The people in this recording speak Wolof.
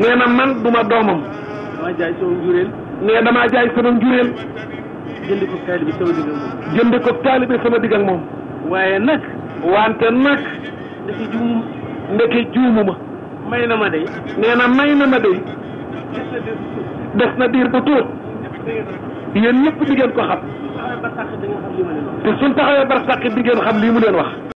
nee na man duma doomam. damaa jaay damaa jaay sama njureel. jënd ko taalibe sama digg moom. waaye nag. wante nag. ndeke juum. ndeke juumu ma. may na ma de. nee na may na ma de. des na diir bu tuut. yéen ñëpp di ngeen ko xam. te suñ taxawee barsàq di ngeen xam lii mu leen wax.